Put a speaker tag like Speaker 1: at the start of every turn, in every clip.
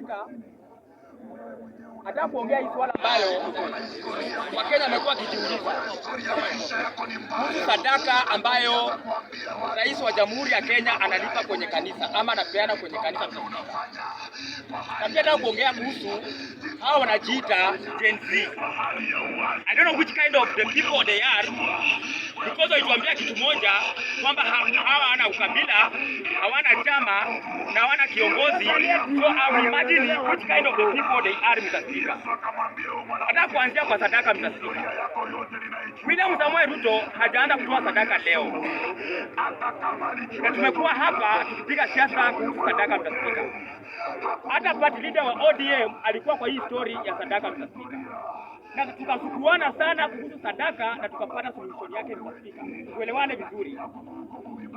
Speaker 1: Spika, hata kuongea hii swala ambayo Wakenya wamekuwa akijiuliza kuhusu sadaka ambayo rais wa Jamhuri ya Kenya analipa kwenye kanisa ama anapeana kwenye kanisa. Na pia hata kuongea kuhusu hao wanajiita Gen Z. I don't know which kind of the people they are ambazo alituambia kitu moja kwamba hawana ukabila, hawana chama na hawana kiongozi. So I imagine which kind of the people they are, Mr. Speaker. Hata kuanzia kwa sadaka, Mr. Speaker, William Samoei Ruto hajaanza kutoa sadaka leo, na tumekuwa hapa tukipiga siasa kuhusu sadaka, Mr. Speaker. Hata party leader wa ODM alikuwa kwa hii story ya sadaka, Mr. Speaker na tukasukuana sana kuhusu sadaka na tukapata solution yake. Mr. Spika, tuelewane vizuri.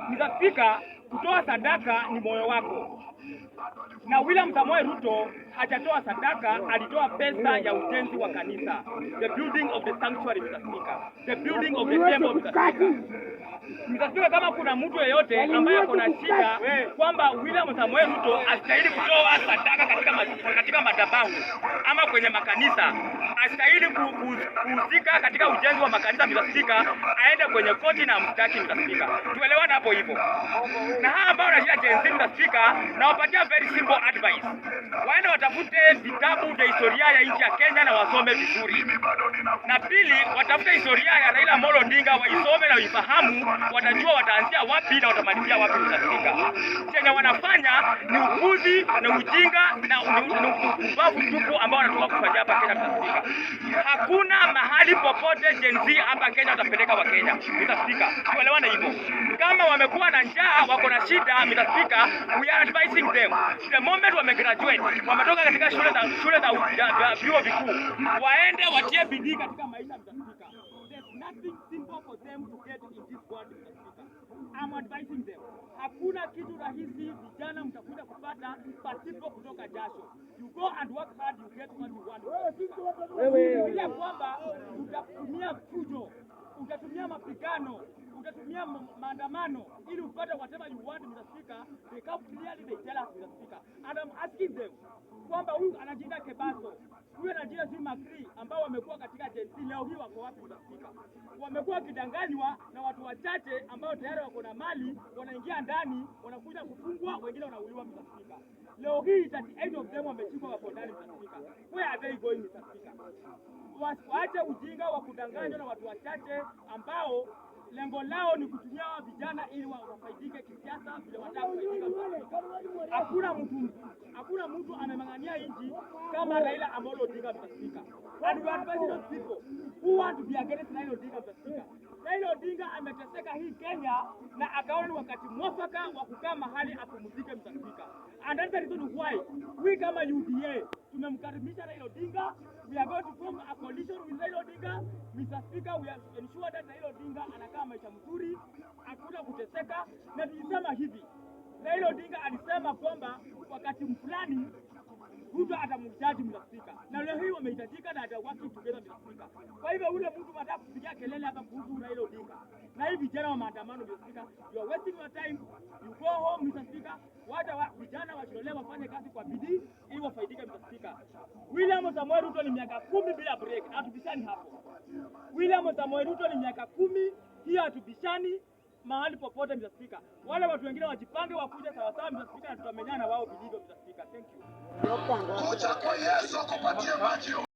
Speaker 1: Mr. kutoa sadaka ni moyo wako, na William Samoe Ruto hajatoa sadaka, alitoa pesa ya ujenzi wa kanisa, the building of the sanctuary. Mr. the building of the temple. Mr mtasikia kama kuna mtu yeyote yaani ambaye na shida eh, kwamba William Samuel Ruto astahili kutoa sadaka katika, katika madhabahu ama kwenye makanisa, astahili kuhusika katika ujenzi wa makanisa, mtaspika aende kwenye koti na mtaki, mtaspika tuelewana hapo hivyo. Na hawa ambao wanashia jenzi, mtaspika nawapatia very simple advice, waende watafute vitabu vya historia ya nchi ya Kenya na wasome vizuri, na pili watafute historia ya Raila Amolo Odinga waisome na wifahamu wanajua wataanzia wapi na watamalizia wapi, utafika. Chenye wanafanya ni upuzi na ujinga na ubavu mtupu ambao wanatoka kufanya hapa Kenya. Tutafika, hakuna mahali popote Gen Z hapa Kenya watapeleka wa Kenya. tutafika. Tuelewane hivyo, kama wamekuwa na njaa, wako na shida, mitafika. We are advising them the moment wame graduate wametoka katika shule za shule za vyuo vikuu, waende watie bidii katika maisha nothing simple for them to get in this world I'm advising them. Hakuna kitu rahisi vijana mtakuja kupata pasipo kutoka jasho. You go and work hard, you get what you want. Wewe ya kwamba utatumia fujo, utatumia mapigano, utatumia maandamano ili upate whatever you want Mr. Speaker. They come clearly they tell us Mr. Speaker. And I'm asking them kwamba huyu anajiita Kebaso, huyu anajiita Zuma Kri ambao wamekuwa hii wako wapi? Wamekuwa wakidanganywa na watu wachache ambao tayari wako na mali, wanaingia ndani, wanakuja kufungwa, wengine wanauliwa. Mtafika leo hii that 38 of them wamechukwa, wako ndani. Mtafika where are they going? Mtafika waache ujinga wa kudanganywa na watu wachache ambao lengo lao ni kutumia vijana ili wafaidike kisiasa, vile wataka. Hakuna mtu mtu amemang'ania nchi kama Raila Amolo Odinga mtaspika. And we advise those people who want to be against Raila Odinga mtaspika. Raila Odinga ameteseka hii Kenya na akaona ni wakati mwafaka wa kukaa mahali apumzike mtaspika. And that's the reason why we kama UDA tumemkaribisha Raila Odinga. We are going to form a coalition with Raila Odinga. Mr. Speaker, we have ensured that Raila Odinga anakaa maisha mzuri, hakuna kuteseka, na tulisema hivi Raila Odinga alisema kwamba wakati fulani mtu atamhitaji Mr. Speaker, na leo hii wamehitajika na atawaki together Mr. Speaker. Kwa hivyo ule mtu anataka kupiga kelele hapa kuhusu Raila Odinga na hii vijana wa maandamano, Mr. Speaker, you are wasting your time, you go home Mr. Speaker. Wacha wa, vijana washirole wafanye kazi kwa bidii ili wafaidike Mr. Speaker. William Samoei Ruto ni miaka kumi bila break, hatubishani hapo. William Samoei Ruto ni miaka kumi hiyo, hatubishani mahali popote, Mr. Speaker. Wale watu wengine wajipange wakuja sawasawa, Mr. Speaker, na tutamenyana wao vilivyo, Mr. Speaker. Thank you. Kuja kwa Yesu maji